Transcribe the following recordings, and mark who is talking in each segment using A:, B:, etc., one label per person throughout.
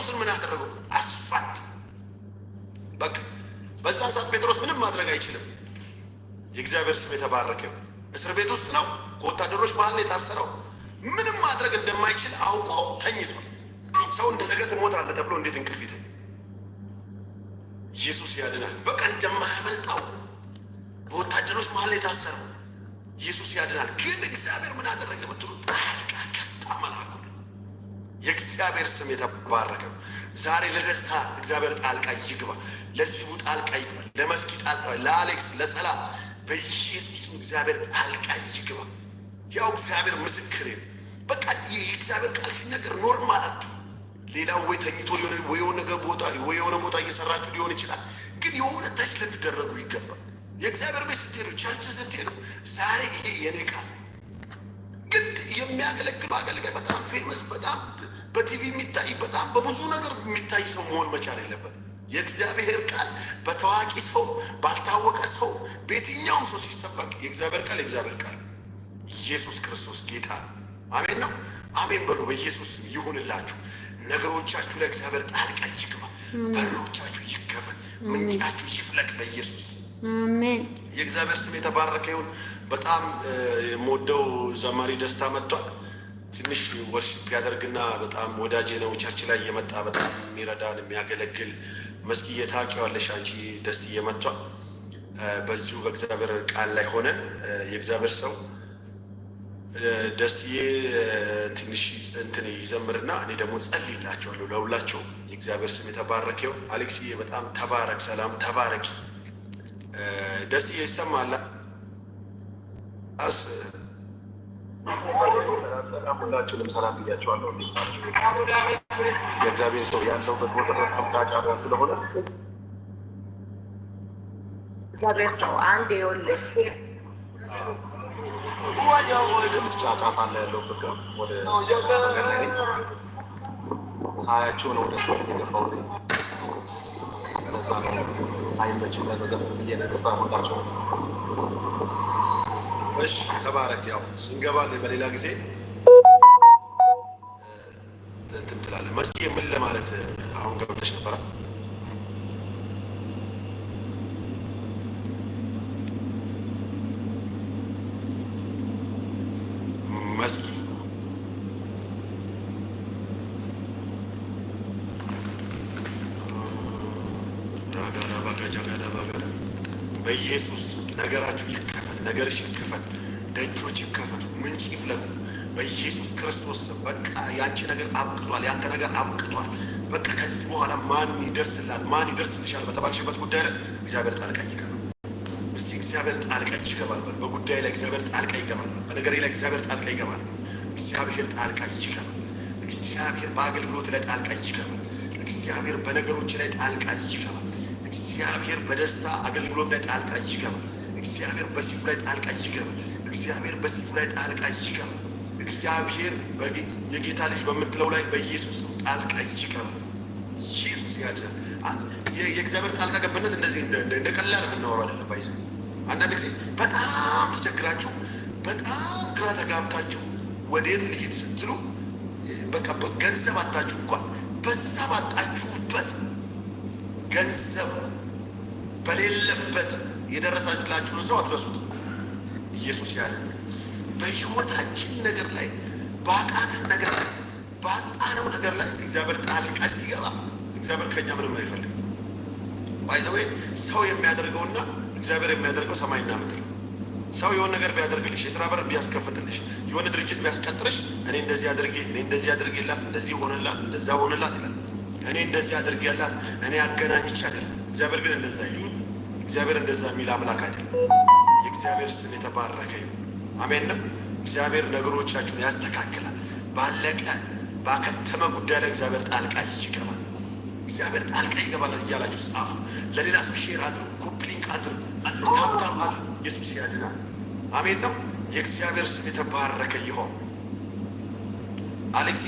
A: ጴጥሮስን ምን ያደረገው? አስፋት በቃ በዛን ሰዓት ጴጥሮስ ምንም ማድረግ አይችልም። የእግዚአብሔር ስም የተባረከ እስር ቤት ውስጥ ነው፣ ከወታደሮች መሀል ነው የታሰረው። ምንም ማድረግ እንደማይችል አውቆ ተኝቶ ሰው እንደ ነገ ትሞታለህ ተብሎ እንዴት እንቅልፍ ይተኛል? ኢየሱስ ያድናል። በቃ እንደማያመልጣው በወታደሮች መሀል ነው የታሰረው። ኢየሱስ ያድናል። ግን እግዚአብሔር ምን አደረገ ብትሉ ጣልቃ የእግዚአብሔር ስም የተባረከ ነው። ዛሬ ለደስታ እግዚአብሔር ጣልቃ ይግባ፣ ለሲቡ ጣልቃ ይግባ፣ ለመስኪ ጣልቃ፣ ለአሌክስ፣ ለሰላም በኢየሱስ እግዚአብሔር ጣልቃ ይግባ። ያው እግዚአብሔር ምስክር ነው። በቃ የእግዚአብሔር ቃል ሲነገር ኖርማል አቱ ሌላው ወይ ተኝቶ ሊሆነ ወይ የሆነ ቦታ ወይ የሆነ ቦታ እየሰራችሁ ሊሆን ይችላል፣ ግን የሆነ ታች ልትደረጉ ይገባል። የእግዚአብሔር ቤት ስትሄዱ፣ ቸርች ስትሄዱ፣ ዛሬ ይሄ የኔ ቃል ግን የሚያገለግሉ አገልጋይ በጣም ፌመስ በጣም በቲቪ የሚታይ በጣም በብዙ ነገር የሚታይ ሰው መሆን መቻል የለበት። የእግዚአብሔር ቃል በታዋቂ ሰው ባልታወቀ ሰው በየትኛውም ሰው ሲሰበክ የእግዚአብሔር ቃል የእግዚአብሔር ቃል ኢየሱስ ክርስቶስ ጌታ ነው። አሜን ነው። አሜን በሉ። በኢየሱስ ይሁንላችሁ። ነገሮቻችሁ ለእግዚአብሔር ጣልቃ ይግባ። በሮቻችሁ ይከፈል። ምንጫችሁ ይፍለቅ በኢየሱስ የእግዚአብሔር ስም የተባረከ ይሁን። በጣም የምወደው ዘማሪ ደስታ መጥቷል። ትንሽ ወርሽፕ ያደርግና በጣም ወዳጅ ነው። ቸርች ላይ እየመጣ በጣም የሚረዳን የሚያገለግል መስጊ ታውቂዋለሽ አንቺ ደስት እየመቷ በዚሁ በእግዚአብሔር ቃል ላይ ሆነን የእግዚአብሔር ሰው ደስትዬ ትንሽ እንትን ይዘምርና እኔ ደግሞ ጸልይላቸዋለሁ ለሁላቸው። የእግዚአብሔር ስም የተባረከው አሌክስዬ በጣም ተባረክ፣ ሰላም ተባረኪ። ደስትዬ ይሰማላ
B: ሰላም ሰላም፣ ሁላችሁንም ሰላም ብያቸዋለሁ። እንዴት ናቸው? የእግዚአብሔር ሰው ያለውበት ቦታ ታቃራ ስለሆነ
C: እግዚአብሔር ሰው አንድ
B: ጫጫታ አለ ያለውበት ነው ወደ የገባሁት። ለዛ አይመችም
A: እሺ፣ ተባረክ። ያው እንገባለን በሌላ ጊዜ እንትን ትላለህ። መስጊድ ምን ለማለት አሁን ገብተሽ ነበረ? መንገድሽ ይከፈት፣ ደጆች ይከፈቱ፣ ምንጭ ይፍለቁ በኢየሱስ ክርስቶስ። በቃ ያንቺ ነገር አብቅቷል፣ ያንተ ነገር አብቅቷል። በቃ ከዚህ በኋላ ማን ይደርስላል፣ ማን ይደርስልሻል በተባልሽበት ጉዳይ ላይ እግዚአብሔር ጣልቃ ይገባል። እስቲ እግዚአብሔር ጣልቃ ይገባል። በጉዳይ ላይ እግዚአብሔር ጣልቃ ይገባል። በነገር ላይ እግዚአብሔር ጣልቃ ይገባል። እግዚአብሔር ጣልቃ ይገባል። እግዚአብሔር በአገልግሎት ላይ ጣልቃ ይገባል። እግዚአብሔር በነገሮች ላይ ጣልቃ ይገባል። እግዚአብሔር በደስታ አገልግሎት ላይ ጣልቃ ይገባል። እግዚአብሔር በዚህ ላይ ጣልቃ ይገባ። እግዚአብሔር በዚህ ላይ ጣልቃ ይገባ። እግዚአብሔር የጌታ ልጅ በምትለው ላይ በኢየሱስ ጣልቃ ይገባ። ኢየሱስ ያድናል። የእግዚአብሔር ጣልቃ ገብነት እንደዚህ እንደ ቀላል የምናወራው አይደለም። ባይዘ አንዳንድ ጊዜ በጣም ተቸግራችሁ፣ በጣም ግራ ተጋብታችሁ ወደየት ልሂድ ስትሉ በቃ ገንዘብ አታችሁ እንኳን በዛ ባጣችሁበት ገንዘብ በሌለበት የደረሰላችሁን ሰው አትረሱት። ኢየሱስ ያለ በህይወታችን ነገር ላይ በአቃትን ነገር ላይ በአጣነው ነገር ላይ እግዚአብሔር ጣልቃ ሲገባ እግዚአብሔር ከኛ ምንም አይፈልግ። ባይዘዌ ሰው የሚያደርገውና እግዚአብሔር የሚያደርገው ሰማይና ምድር። ሰው የሆነ ነገር ቢያደርግልሽ፣ የስራ በር ቢያስከፍትልሽ፣ የሆነ ድርጅት ቢያስቀጥርሽ፣ እኔ እንደዚህ አድርጌ እኔ እንደዚህ አድርጌላት እንደዚህ ሆነላት እንደዛ ሆነላት ይላል። እኔ እንደዚህ አድርጌላት እኔ አገናኝቻት። እግዚአብሔር ግን እንደዛ እግዚአብሔር እንደዛ የሚል አምላክ አይደለም። የእግዚአብሔር ስም የተባረከ ይሁን። አሜን ነው። እግዚአብሔር ነገሮቻችሁን ያስተካክላል። ባለቀ ባከተመ ጉዳይ ላይ እግዚአብሔር ጣልቃ ይገባል። እግዚአብሔር ጣልቃ ይገባል እያላችሁ ጻፉ። ለሌላ ሰው ሼር አድርጉ፣ ኮፕሊንክ አድርጉ፣ ታብታብ አድርጉ። ኢየሱስ ያድናል። አሜን ነው። የእግዚአብሔር ስም የተባረከ ይሆን። አሌክሲ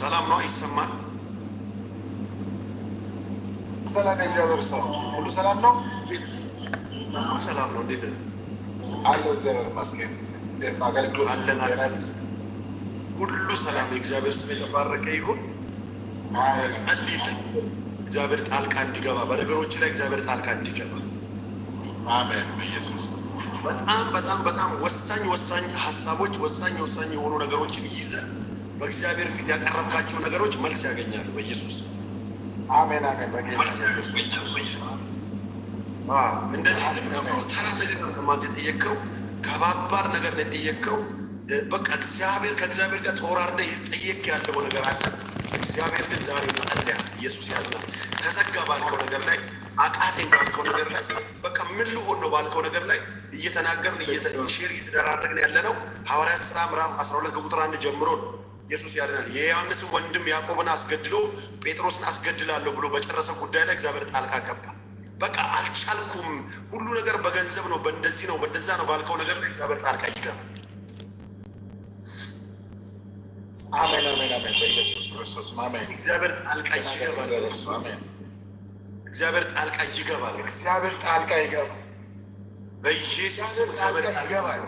A: ሰላም ነው? ይሰማል? ሰላም የእግዚአብሔር ሰው ሁሉ ሰላም ነው። ሁሉ ሰላም ነው። እንዴት ነው አለው? እግዚአብሔር ይመስገን። እንዴት ነው አገልግሎት አለን? ሁሉ ሰላም። የእግዚአብሔር ስም የተባረከ ይሁን። ጸልይልን፣ እግዚአብሔር ጣልቃ እንዲገባ በነገሮች ላይ እግዚአብሔር ጣልቃ እንዲገባ። አሜን በኢየሱስ በጣም በጣም በጣም ወሳኝ ወሳኝ ሀሳቦች ወሳኝ ወሳኝ የሆኑ ነገሮችን ይዘን በእግዚአብሔር ፊት ያቀረብካቸው ነገሮች መልስ ያገኛሉ። በኢየሱስ አሜን። አሜን መልስ ያገኛሉ። እንደዚህ ዝም ብሎ ተራ ነገር ማን የጠየቀው? ከባባድ ነገር ነው የጠየቀው። በቃ እግዚአብሔር ከእግዚአብሔር ጋር ተወራርደ ይጠየቅ ያለው ነገር አለ። እግዚአብሔር ግን ዛሬ ጸልያ ኢየሱስ ያለ ተዘጋ ባልከው ነገር ላይ አቃቴን ባልከው ነገር ላይ በቃ ምን ልሆን ነው ባልከው ነገር ላይ እየተናገርን ሼር እየተደራረግን ያለ ነው። ሐዋርያት ሥራ ምዕራፍ 12 ከቁጥር አንድ ጀምሮ ነው ኢየሱስ የዮሐንስን ወንድም ያዕቆብን አስገድሎ ጴጥሮስን አስገድላለሁ ብሎ በጨረሰ ጉዳይ ላይ እግዚአብሔር ጣልቃ ገባ። በቃ አልቻልኩም፣ ሁሉ ነገር በገንዘብ ነው፣ በእንደዚህ ነው፣ በእንደዛ ነው ባልከው ነገር እግዚአብሔር ጣልቃ ይገባል። አሜን፣ አሜን፣ አሜን። በኢየሱስ ክርስቶስ አሜን። እግዚአብሔር ጣልቃ ይገባል። እግዚአብሔር ጣልቃ ይገባል። እግዚአብሔር ጣልቃ ይገባል። በኢየሱስ ጣልቃ ይገባል።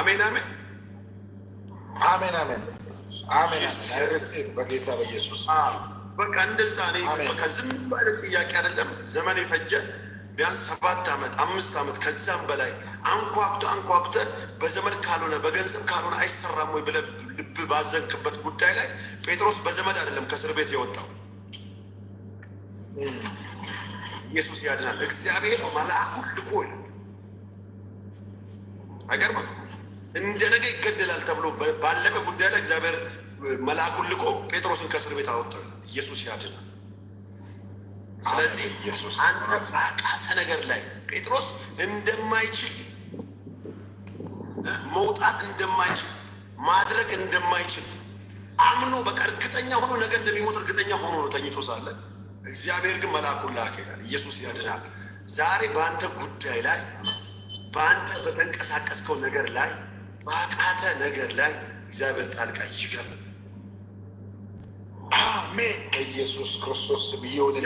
A: አሜን፣ አሜን፣ አሜን፣ አሜን፣ አሜን። በጌታ በኢየሱስ በቃ እንደዛ ነው። በቃ ዝም ባለ ጥያቄ አይደለም። ዘመን የፈጀ ቢያንስ ሰባት ዓመት አምስት ዓመት ከዛም በላይ አንኳኩተ አንኳኩተ በዘመድ ካልሆነ በገንዘብ ካልሆነ አይሰራም ወይ ብለህ ልብ ባዘንክበት ጉዳይ ላይ ጴጥሮስ በዘመድ አይደለም ከእስር ቤት የወጣው ኢየሱስ ያድናል። እግዚአብሔር መልአኩ ልኮ አገር እንደ ነገ ይገደላል ተብሎ ባለፈ ጉዳይ ላይ እግዚአብሔር መልአኩን ልኮ ጴጥሮስን ከእስር ቤት አወጣው። ኢየሱስ ያድናል። ስለዚህ አንተ ባቃተ ነገር ላይ ጴጥሮስ እንደማይችል መውጣት እንደማይችል ማድረግ እንደማይችል አምኖ በቃ እርግጠኛ ሆኖ ነገ እንደሚሞት እርግጠኛ ሆኖ ነው ተኝቶ ሳለ እግዚአብሔር ግን መልአኩን ላከ ይላል። ኢየሱስ ያድናል። ዛሬ በአንተ ጉዳይ ላይ በአንተ በተንቀሳቀስከው ነገር ላይ ባቃተ ነገር ላይ እግዚአብሔር ጣልቃ ይገባል። አሜን። በኢየሱስ ክርስቶስ ስም ይሁን።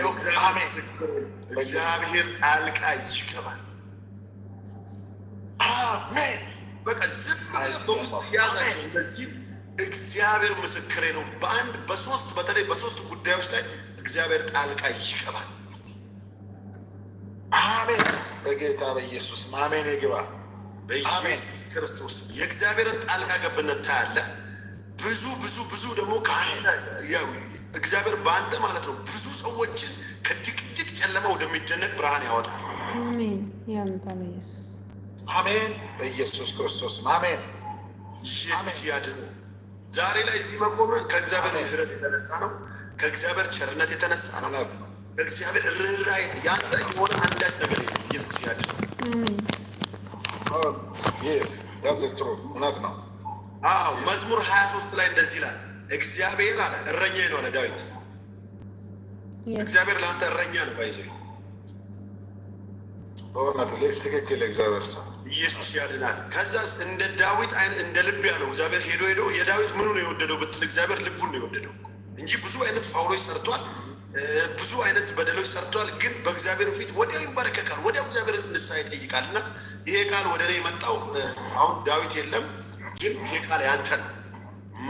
A: አሜን። እግዚአብሔር ጣልቃ ይገባል። አሜን። በቃ ዝም በውስጥ ያዛቸው። እነዚህ እግዚአብሔር ምስክሬ ነው። በአንድ በሶስት በተለይ በሶስት ጉዳዮች ላይ እግዚአብሔር ጣልቃ ይገባል። አሜን። በጌታ በኢየሱስ አሜን። ይግባ በኢየሱስ ክርስቶስ የእግዚአብሔርን ጣልቃ ገብነት ታያለ። ብዙ ብዙ ብዙ ደግሞ ከአንድ ያው እግዚአብሔር በአንተ ማለት ነው ብዙ ሰዎችን ከድቅድቅ ጨለማ ወደሚደነቅ ብርሃን ያወጣል። አሜን። በኢየሱስ ክርስቶስ አሜን። ኢየሱስ ያድን። ዛሬ ላይ እዚህ መቆም ከእግዚአብሔር ምሕረት የተነሳ ነው። ከእግዚአብሔር ቸርነት የተነሳ ነው። ከእግዚአብሔር ርኅራኄ ያንተ የሆነ አንዳች ነገር የለም። ኢየሱስ ያድን። እውነት ነው። መዝሙር ሀያ ሶስት ላይ እንደዚህ ይላል እግዚአብሔር አለ እረኛ ነው አለ ዳዊት። እግዚአብሔር ለአንተ እረኛ ነው። ባይዘ ትክክል እግዚአብሔር ሰው ኢየሱስ ያድናል። ከዛ እንደ ዳዊት አይነት እንደ ልብ ያለው እግዚአብሔር ሄዶ ሄዶ የዳዊት ምኑ ነው የወደደው ብትል እግዚአብሔር ልቡን ነው የወደደው እንጂ ብዙ አይነት ፋውሎች ሰርቷል፣ ብዙ አይነት በደሎች ሰርቷል። ግን በእግዚአብሔር ፊት ወዲያው ይንበረከካል፣ ወዲያው እግዚአብሔር ንስሐ ይጠይቃል። እና ይሄ ቃል ወደ እኔ የመጣው አሁን ዳዊት የለም፣ ግን ይሄ ቃል ያንተ ነው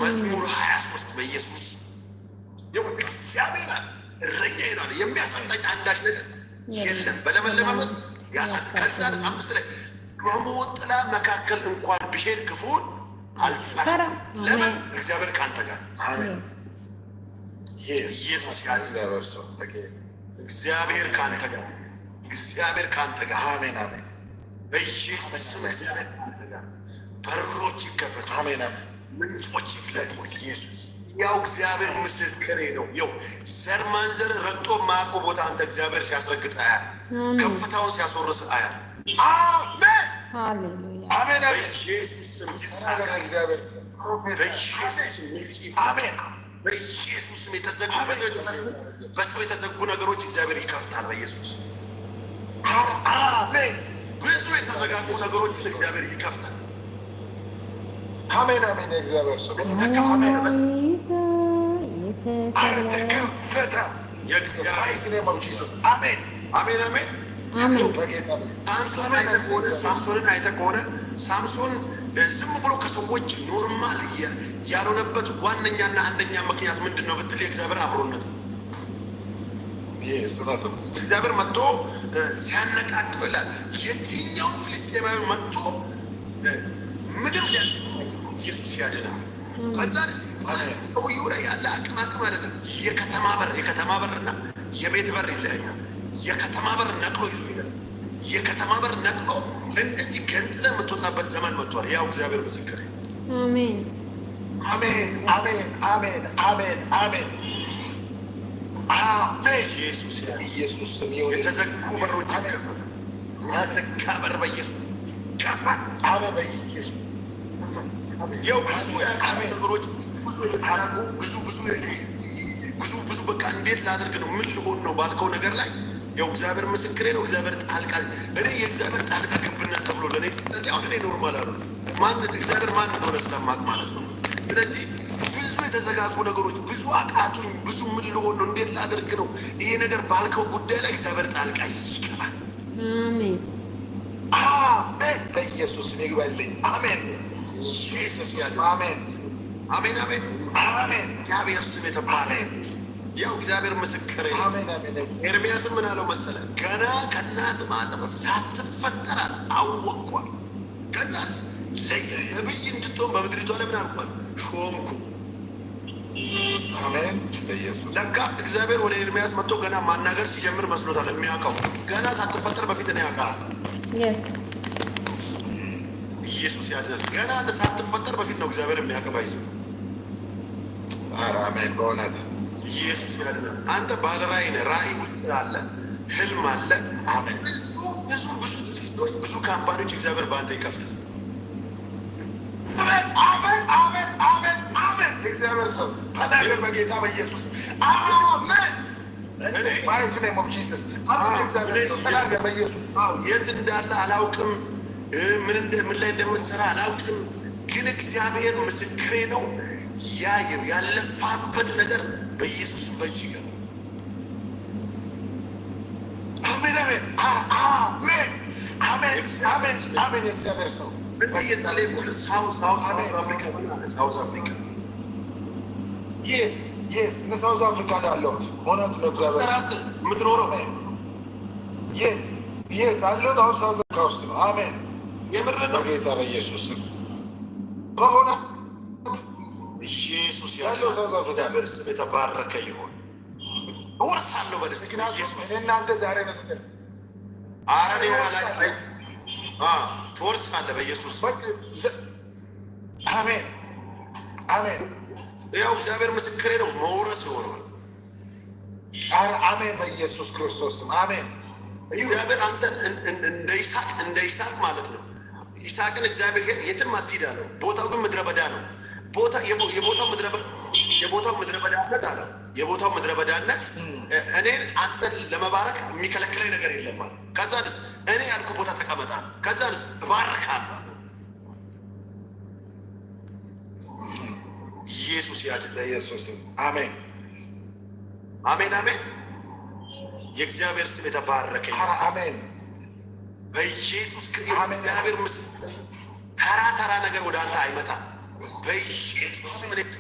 A: መዝሙር 23 በኢየሱስ እግዚአብሔር እረኛ ይላል የሚያሳጣኝ አንዳች ነገር የለም። በለመለመ መስክ ከዛ አምስት ላይ በሞት ጥላ መካከል እንኳን ብሄድ ክፉን አልፈራም። ለምን? እግዚአብሔር ከአንተ ጋር። ኢየሱስ ያ እግዚአብሔር ከአንተ ጋር፣ እግዚአብሔር ከአንተ ጋር። አሜን አሜን። በኢየሱስ ስም እግዚአብሔር ከአንተ ጋር። በሮች ይከፈቱ። አሜን አሜን ምንጮች ይፍለጡ። ኢየሱስ ያው እግዚአብሔር ምስክሬ ነው። ዘር ማንዘር ረግጦ ማቆ ቦታ አንተ እግዚአብሔር ሲያስረግጥ አያል፣ ከፍታውን ሲያስወርስ አያል። አሜን አሜን። ይሳካ እግዚአብሔር የተዘጉ በሰው የተዘጉ ነገሮች እግዚአብሔር ይከፍታል። በኢየሱስ አሜን። ብዙ የተዘጋጉ ነገሮችን እግዚአብሔር ይከፍታል። አሜን አሜን። እግዚአብሔር ሰው ተከፈተ። አሜን አሜን እግዚአብሔር ሳምሶንን አይተህ ከሆነ ሳምሶን ዝም ብሎ ከሰዎች ኖርማል ያልሆነበት ዋነኛና አንደኛ ምክንያት ምንድን ነው ብትል የእግዚአብሔር አብሮነት እግዚአብሔር መጥቶ ሲያነቃቅ ይላል የትኛውን ፍልስጤማዊ መጥቶ ያድናል። ከዛ ሰውየው ላይ ያለ አቅም አቅም አይደለም። የከተማ በር የከተማ በርና የቤት በር ይለያያል። የከተማ በር ነቅሎ ይዞ ይላል። የከተማ በር ነቅሎ እንደዚህ ገንጥለ የምትወጣበት ዘመን መጥቷል። ያው እግዚአብሔር ምስክር። አሜን፣ አሜን፣ አሜን፣ አሜን፣ አሜን፣ አሜን። ኢየሱስ ኢየሱስ የተዘጉ በሮች ይከፈታል። የተዘጋ በር በኢየሱስ ይከፈታል። አሜን በኢየሱስ ያው ብዙ የአካባቢ ነገሮች ብዙ የተጣላሉ ብዙ ብዙ ብዙ ብዙ በቃ እንዴት ላደርግ ነው ምን ልሆን ነው ባልከው ነገር ላይ ያው እግዚአብሔር ምስክሬ ነው። እግዚአብሔር ጣልቃ እኔ የእግዚአብሔር ጣልቃ ገብነት ተብሎ ለእኔ ሲጸልይ አሁን እኔ ኖርማል አሉ ማን እግዚአብሔር ማን እንደሆነ ስለማቅ ማለት ነው። ስለዚህ ብዙ የተዘጋጉ ነገሮች ብዙ አቃቱኝ፣ ብዙ ምን ልሆን ነው እንዴት ላደርግ ነው ይሄ ነገር ባልከው ጉዳይ ላይ እግዚአብሔር ጣልቃ ይገባል። አሜን። በኢየሱስ ይግባልኝ። አሜን Jesus ያለው አሜን፣ አሜን፣ አሜን፣ አሜን። እግዚአብሔር ስም የተባለ ያው እግዚአብሔር ምስክር። ኤርሚያስም ምን አለው መሰለ ገና ከእናት ማጠብ ሳትፈጠራል አወቅኳል። ከዛ ነብይ እንድትሆን በምድሪቷ ላይ አልኳል ሾምኩ። ለካ እግዚአብሔር ወደ ኤርሚያስ መጥቶ ገና ማናገር ሲጀምር መስሎታል። የሚያውቀው ገና ሳትፈጠር በፊት ነው ያውቃል። ኢየሱስ ያድናል። ገና ሳትፈጠር በፊት ነው እግዚአብሔር የሚያቀባ ይዘ አሜን። በእውነት ኢየሱስ ያድናል። አንተ ባለ ራእይ ነህ። ራእይ ውስጥ አለ፣ ህልም አለ። ብዙ ብዙ ብዙ ድርጅቶች፣ ብዙ ካምፓኒዎች እግዚአብሔር በአንተ ይከፍታል። አሜን፣ አሜን፣ አሜን፣ እግዚአብሔር ሰው ተናገር በጌታ በኢየሱስ አሜን። የት እንዳለ አላውቅም ምን ላይ እንደምትሰራ አላውቅም፣ ግን እግዚአብሔር ምስክሬ ነው። ያየው ያለፋበት ነገር በኢየሱስ በእጅ ይገባ። አሜን፣ አሜን፣ አሜን፣ አሜን፣ አሜን፣ አሜን። ሰው ሳውዝ አፍሪካ አፍሪካ ነው ያለሁት። እውነት ለእግዚአብሔር የምትኖረው የስ አለሁት። አሁን ሳውዝ አፍሪካ ውስጥ ነው። አሜን የምር ነው ጌታ በኢየሱስ በሆነ ኢየሱስ ያለው በእርስ የተባረከ ይሁን። እወርሳለሁ በደስታ እናንተ ዛሬ ነው አረኔ ላይ ትወርሳለህ በኢየሱስ አሜን አሜን። ያው እግዚአብሔር ምስክሬ ነው መውረስ ይሆናል። አሜን በኢየሱስ ክርስቶስም አሜን። እግዚአብሔር አንተን እንደ ይስሐቅ እንደ ይስሐቅ ማለት ነው ይስሐቅን እግዚአብሔር የትም አትሂድ አለው። ቦታው ግን ምድረ በዳ ነው። የቦታው ምድረ በዳነት አለው። የቦታው ምድረ በዳነት እኔን አንተን ለመባረክ የሚከለክለኝ ነገር የለም አለ። ከዛ ንስ እኔ ያልኩ ቦታ ተቀመጣ ነው። ከዛ ንስ እባርካለሁ። ኢየሱስ ያጅ ለኢየሱስ አሜን፣ አሜን፣ አሜን። የእግዚአብሔር ስም የተባረከ አሜን። በኢየሱስ እግዚአብሔር ተራ ተራ ነገር ወደ አንተ አይመጣም። በኢየሱስ ምን ግን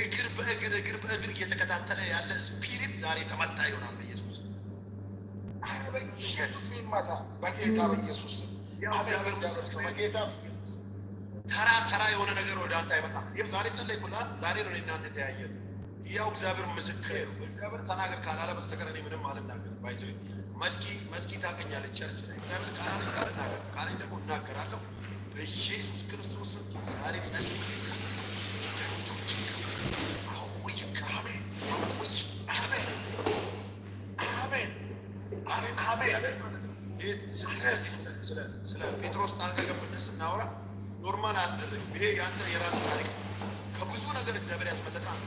A: እግር በእግር እግር በእግር እየተከታተለ ያለ ስፒሪት ዛሬ ተመታ ይሆናል በኢየሱስ ተራ ተራ የሆነ ነገር ወደ አንተ አይመጣም። ይህም ዛሬ ጸለይኩልህ። ዛሬ ነው እናንተ ተያየን ያው እግዚአብሔር ምስክር ነው። እግዚአብሔር ተናገር ካላለ በስተቀር እኔ ምንም አልናገርም። ባይዘ መስኪ መስኪ ታገኛለህ ቸርች ላይ እግዚአብሔር ካላለ ካልናገር ካለኝ ደግሞ እናገራለሁ። በኢየሱስ ክርስቶስ ዛሬ ጸልይ ስለ ጴጥሮስ ጣልቃ ገብነት ስናወራ ኖርማል አያስደረግም። ይሄ የአንተ የራስ ታሪክ ከብዙ ነገር እግዚአብሔር ያስመለጠ አንተ